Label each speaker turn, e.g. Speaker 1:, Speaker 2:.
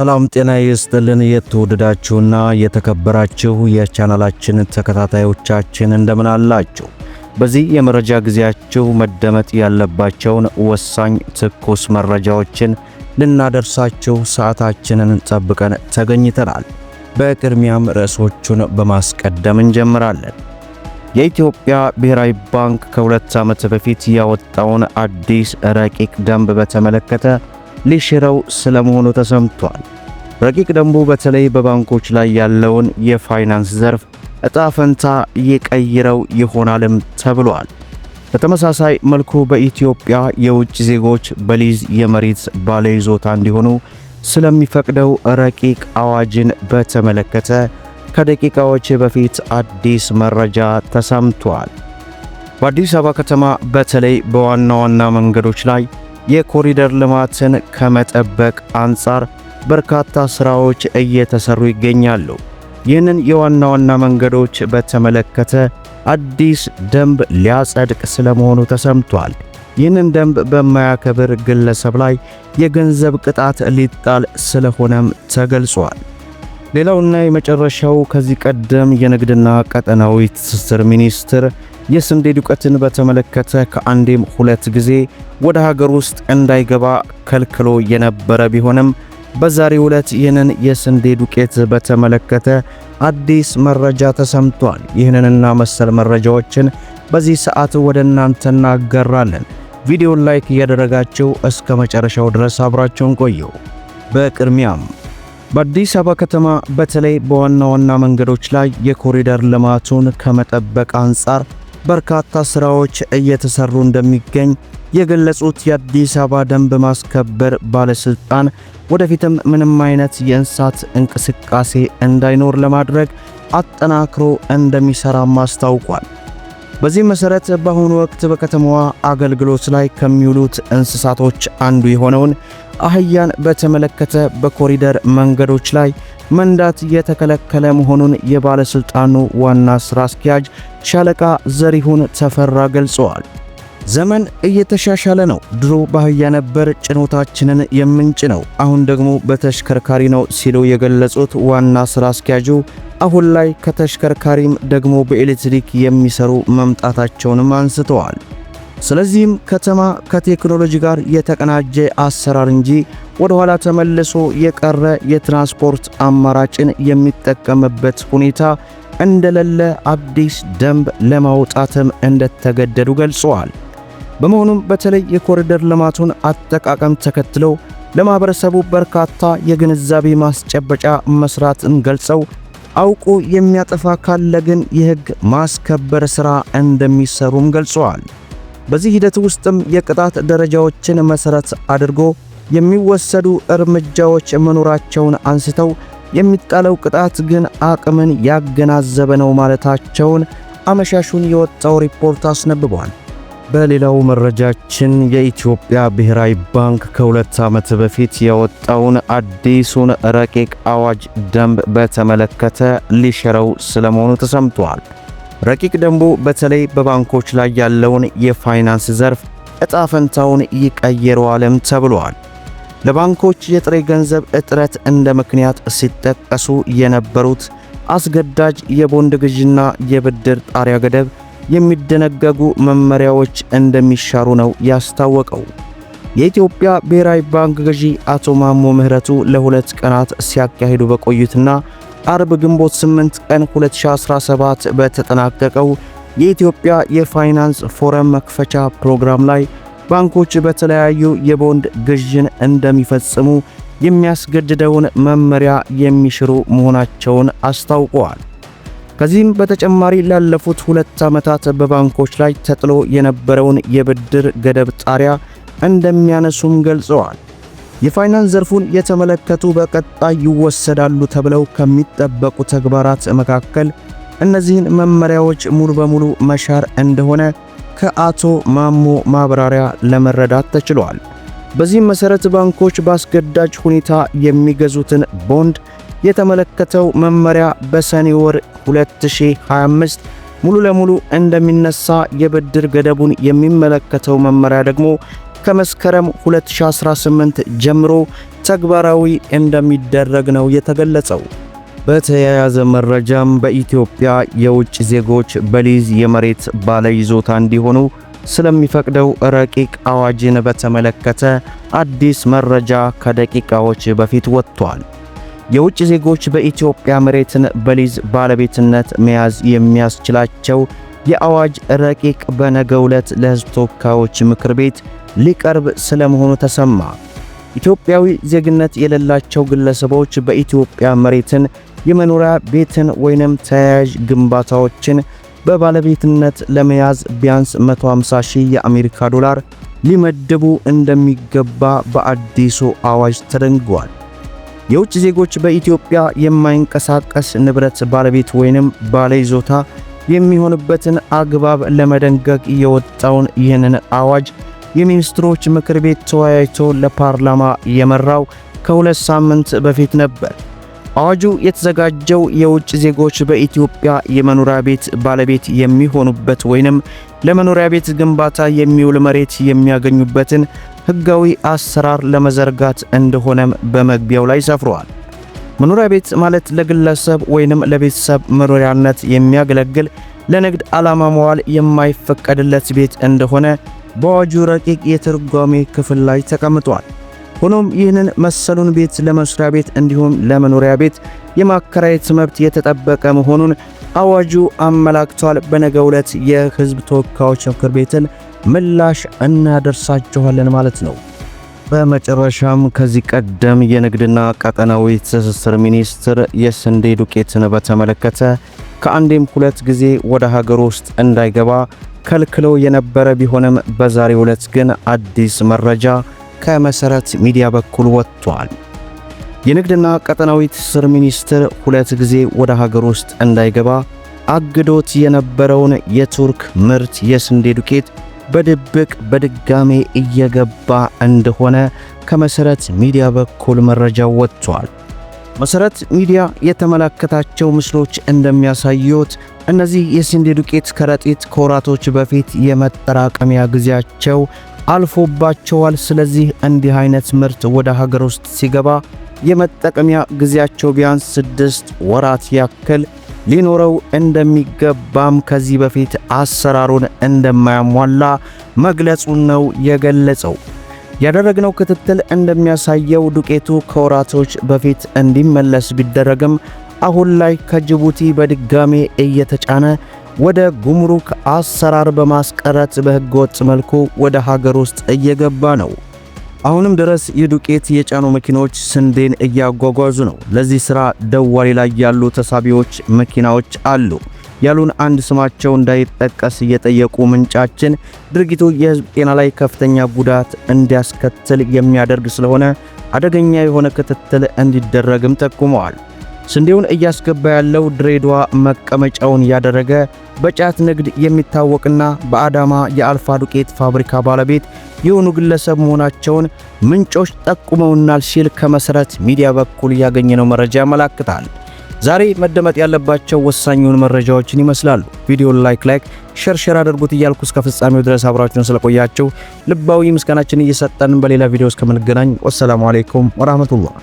Speaker 1: ሰላም ጤና ይስጥልን። የተወደዳችሁና የተከበራችሁ የቻናላችን ተከታታዮቻችን እንደምን አላችሁ? በዚህ የመረጃ ጊዜያችሁ መደመጥ ያለባቸውን ወሳኝ ትኩስ መረጃዎችን ልናደርሳችሁ ሰዓታችንን ጠብቀን ተገኝተናል። በቅድሚያም ርዕሶቹን በማስቀደም እንጀምራለን። የኢትዮጵያ ብሔራዊ ባንክ ከሁለት ዓመት በፊት ያወጣውን አዲስ ረቂቅ ደንብ በተመለከተ ሊሽረው ስለመሆኑ ተሰምቷል። ረቂቅ ደንቡ በተለይ በባንኮች ላይ ያለውን የፋይናንስ ዘርፍ እጣ ፈንታ ይቀይረው ይሆናልም ተብሏል። በተመሳሳይ መልኩ በኢትዮጵያ የውጭ ዜጎች በሊዝ የመሬት ባለይዞታ እንዲሆኑ ስለሚፈቅደው ረቂቅ አዋጅን በተመለከተ ከደቂቃዎች በፊት አዲስ መረጃ ተሰምቷል። በአዲስ አበባ ከተማ በተለይ በዋና ዋና መንገዶች ላይ የኮሪደር ልማትን ከመጠበቅ አንጻር በርካታ ሥራዎች እየተሰሩ ይገኛሉ። ይህንን የዋና ዋና መንገዶች በተመለከተ አዲስ ደንብ ሊያጸድቅ ስለመሆኑ ተሰምቷል። ይህንን ደንብ በማያከብር ግለሰብ ላይ የገንዘብ ቅጣት ሊጣል ስለሆነም ተገልጿል። ሌላውና የመጨረሻው ከዚህ ቀደም የንግድና ቀጠናዊ ትስስር ሚኒስትር የስንዴ ዱቄትን በተመለከተ ከአንዴም ሁለት ጊዜ ወደ ሀገር ውስጥ እንዳይገባ ከልክሎ የነበረ ቢሆንም በዛሬው ዕለት ይህንን የስንዴ ዱቄት በተመለከተ አዲስ መረጃ ተሰምቷል። ይህንንና መሰል መረጃዎችን በዚህ ሰዓት ወደ እናንተ እናገራለን። ቪዲዮን ላይክ እያደረጋችሁ እስከ መጨረሻው ድረስ አብራችሁን ቆዩ። በቅድሚያም በአዲስ አበባ ከተማ በተለይ በዋና ዋና መንገዶች ላይ የኮሪደር ልማቱን ከመጠበቅ አንጻር በርካታ ስራዎች እየተሰሩ እንደሚገኝ የገለጹት የአዲስ አበባ ደንብ ማስከበር ባለስልጣን ወደፊትም ምንም አይነት የእንስሳት እንቅስቃሴ እንዳይኖር ለማድረግ አጠናክሮ እንደሚሰራም አስታውቋል። በዚህ መሰረት በአሁኑ ወቅት በከተማዋ አገልግሎት ላይ ከሚውሉት እንስሳቶች አንዱ የሆነውን አህያን በተመለከተ በኮሪደር መንገዶች ላይ መንዳት የተከለከለ መሆኑን የባለስልጣኑ ዋና ስራ አስኪያጅ ሻለቃ ዘሪሁን ተፈራ ገልጸዋል። ዘመን እየተሻሻለ ነው። ድሮ ባህያ ነበር ጭኖታችንን የምንጭ ነው፣ አሁን ደግሞ በተሽከርካሪ ነው ሲሉ የገለጹት ዋና ስራ አስኪያጁ አሁን ላይ ከተሽከርካሪም ደግሞ በኤሌክትሪክ የሚሰሩ መምጣታቸውንም አንስተዋል። ስለዚህም ከተማ ከቴክኖሎጂ ጋር የተቀናጀ አሰራር እንጂ ወደ ኋላ ተመልሶ የቀረ የትራንስፖርት አማራጭን የሚጠቀምበት ሁኔታ እንደሌለ አዲስ ደንብ ለማውጣትም እንደተገደዱ ገልጸዋል። በመሆኑም በተለይ የኮሪደር ልማቱን አጠቃቀም ተከትለው ለማህበረሰቡ በርካታ የግንዛቤ ማስጨበጫ መስራትን ገልጸው አውቆ የሚያጠፋ ካለ ግን የሕግ ማስከበር ሥራ እንደሚሰሩም ገልጸዋል። በዚህ ሂደት ውስጥም የቅጣት ደረጃዎችን መሠረት አድርጎ የሚወሰዱ እርምጃዎች መኖራቸውን አንስተው የሚጣለው ቅጣት ግን አቅምን ያገናዘበ ነው ማለታቸውን አመሻሹን የወጣው ሪፖርት አስነብቧል። በሌላው መረጃችን የኢትዮጵያ ብሔራዊ ባንክ ከሁለት ዓመት በፊት የወጣውን አዲሱን ረቂቅ አዋጅ ደንብ በተመለከተ ሊሽረው ስለመሆኑ ተሰምቷል። ረቂቅ ደንቡ በተለይ በባንኮች ላይ ያለውን የፋይናንስ ዘርፍ እጣፈንታውን ፈንታውን ይቀይረዋልም ተብሏል። ለባንኮች የጥሬ ገንዘብ እጥረት እንደ ምክንያት ሲጠቀሱ የነበሩት አስገዳጅ የቦንድ ግዥና የብድር ጣሪያ ገደብ የሚደነገጉ መመሪያዎች እንደሚሻሩ ነው ያስታወቀው። የኢትዮጵያ ብሔራዊ ባንክ ገዢ አቶ ማሞ ምህረቱ ለሁለት ቀናት ሲያካሂዱ በቆዩትና አርብ ግንቦት 8 ቀን 2017 በተጠናቀቀው የኢትዮጵያ የፋይናንስ ፎረም መክፈቻ ፕሮግራም ላይ ባንኮች በተለያዩ የቦንድ ግዥን እንደሚፈጽሙ የሚያስገድደውን መመሪያ የሚሽሩ መሆናቸውን አስታውቀዋል። ከዚህም በተጨማሪ ላለፉት ሁለት ዓመታት በባንኮች ላይ ተጥሎ የነበረውን የብድር ገደብ ጣሪያ እንደሚያነሱም ገልጸዋል። የፋይናንስ ዘርፉን የተመለከቱ በቀጣይ ይወሰዳሉ ተብለው ከሚጠበቁ ተግባራት መካከል እነዚህን መመሪያዎች ሙሉ በሙሉ መሻር እንደሆነ ከአቶ ማሞ ማብራሪያ ለመረዳት ተችሏል። በዚህም መሰረት ባንኮች በአስገዳጅ ሁኔታ የሚገዙትን ቦንድ የተመለከተው መመሪያ በሰኔ ወር 2025 ሙሉ ለሙሉ እንደሚነሳ፣ የብድር ገደቡን የሚመለከተው መመሪያ ደግሞ ከመስከረም 2018 ጀምሮ ተግባራዊ እንደሚደረግ ነው የተገለጸው። በተያያዘ መረጃም በኢትዮጵያ የውጭ ዜጎች በሊዝ የመሬት ባለይዞታ እንዲሆኑ ስለሚፈቅደው ረቂቅ አዋጅን በተመለከተ አዲስ መረጃ ከደቂቃዎች በፊት ወጥቷል። የውጭ ዜጎች በኢትዮጵያ መሬትን በሊዝ ባለቤትነት መያዝ የሚያስችላቸው የአዋጅ ረቂቅ በነገው ዕለት ለሕዝብ ተወካዮች ምክር ቤት ሊቀርብ ስለመሆኑ ተሰማ። ኢትዮጵያዊ ዜግነት የሌላቸው ግለሰቦች በኢትዮጵያ መሬትን፣ የመኖሪያ ቤትን ወይንም ተያያዥ ግንባታዎችን በባለቤትነት ለመያዝ ቢያንስ 150 ሺህ የአሜሪካ ዶላር ሊመድቡ እንደሚገባ በአዲሱ አዋጅ ተደንግጓል። የውጭ ዜጎች በኢትዮጵያ የማይንቀሳቀስ ንብረት ባለቤት ወይንም ባለይዞታ የሚሆንበትን አግባብ ለመደንገግ የወጣውን ይህንን አዋጅ የሚኒስትሮች ምክር ቤት ተወያይቶ ለፓርላማ የመራው ከሁለት ሳምንት በፊት ነበር። አዋጁ የተዘጋጀው የውጭ ዜጎች በኢትዮጵያ የመኖሪያ ቤት ባለቤት የሚሆኑበት ወይንም ለመኖሪያ ቤት ግንባታ የሚውል መሬት የሚያገኙበትን ሕጋዊ አሰራር ለመዘርጋት እንደሆነም በመግቢያው ላይ ሰፍሯል። መኖሪያ ቤት ማለት ለግለሰብ ወይንም ለቤተሰብ መኖሪያነት የሚያገለግል ለንግድ ዓላማ መዋል የማይፈቀድለት ቤት እንደሆነ በአዋጁ ረቂቅ የትርጓሜ ክፍል ላይ ተቀምጧል። ሆኖም ይህንን መሰሉን ቤት ለመስሪያ ቤት እንዲሁም ለመኖሪያ ቤት የማከራየት መብት የተጠበቀ መሆኑን አዋጁ አመላክቷል። በነገ ዕለት የህዝብ ተወካዮች ምክር ቤትን ምላሽ እናደርሳችኋለን ማለት ነው። በመጨረሻም ከዚህ ቀደም የንግድና ቀጠናዊ ትስስር ሚኒስትር የስንዴ ዱቄትን በተመለከተ ከአንዴም ሁለት ጊዜ ወደ ሀገር ውስጥ እንዳይገባ ከልክለው የነበረ ቢሆንም በዛሬው ዕለት ግን አዲስ መረጃ ከመሰረት ሚዲያ በኩል ወጥቷል። የንግድና ቀጠናዊ ትስስር ሚኒስትር ሁለት ጊዜ ወደ ሀገር ውስጥ እንዳይገባ አግዶት የነበረውን የቱርክ ምርት የስንዴ ዱቄት በድብቅ በድጋሜ እየገባ እንደሆነ ከመሰረት ሚዲያ በኩል መረጃው ወጥቷል። መሰረት ሚዲያ የተመለከታቸው ምስሎች እንደሚያሳዩት እነዚህ የስንዴ ዱቄት ከረጢት ከወራቶች በፊት የመጠራቀሚያ ጊዜያቸው አልፎባቸዋል። ስለዚህ እንዲህ አይነት ምርት ወደ ሀገር ውስጥ ሲገባ የመጠቀሚያ ጊዜያቸው ቢያንስ ስድስት ወራት ያክል ሊኖረው እንደሚገባም ከዚህ በፊት አሰራሩን እንደማያሟላ መግለጹን ነው የገለጸው። ያደረግነው ክትትል እንደሚያሳየው ዱቄቱ ከወራቶች በፊት እንዲመለስ ቢደረግም አሁን ላይ ከጅቡቲ በድጋሜ እየተጫነ ወደ ጉምሩክ አሰራር በማስቀረት በህገወጥ መልኩ ወደ ሀገር ውስጥ እየገባ ነው። አሁንም ድረስ የዱቄት የጫኑ መኪኖች ስንዴን እያጓጓዙ ነው። ለዚህ ሥራ ደዋሌ ላይ ያሉ ተሳቢዎች መኪናዎች አሉ ያሉን አንድ ስማቸው እንዳይጠቀስ እየጠየቁ ምንጫችን ድርጊቱ የህዝብ ጤና ላይ ከፍተኛ ጉዳት እንዲያስከትል የሚያደርግ ስለሆነ አደገኛ የሆነ ክትትል እንዲደረግም ጠቁመዋል። ስንዴውን እያስገባ ያለው ድሬዳዋ መቀመጫውን ያደረገ በጫት ንግድ የሚታወቅና በአዳማ የአልፋ ዱቄት ፋብሪካ ባለቤት የሆኑ ግለሰብ መሆናቸውን ምንጮች ጠቁመውናል ሲል ከመሠረት ሚዲያ በኩል ያገኘነው መረጃ ያመላክታል። ዛሬ መደመጥ ያለባቸው ወሳኙን መረጃዎችን ይመስላሉ። ቪዲዮን ላይክ ላይክ ሸርሸር አድርጉት እያልኩ እስከ ፍጻሜው ድረስ አብራችሁን ስለቆያችሁ ልባዊ ምስጋናችን እየሰጠን በሌላ ቪዲዮ እስከምንገናኝ ወሰላሙ አሌይኩም ወራህመቱላህ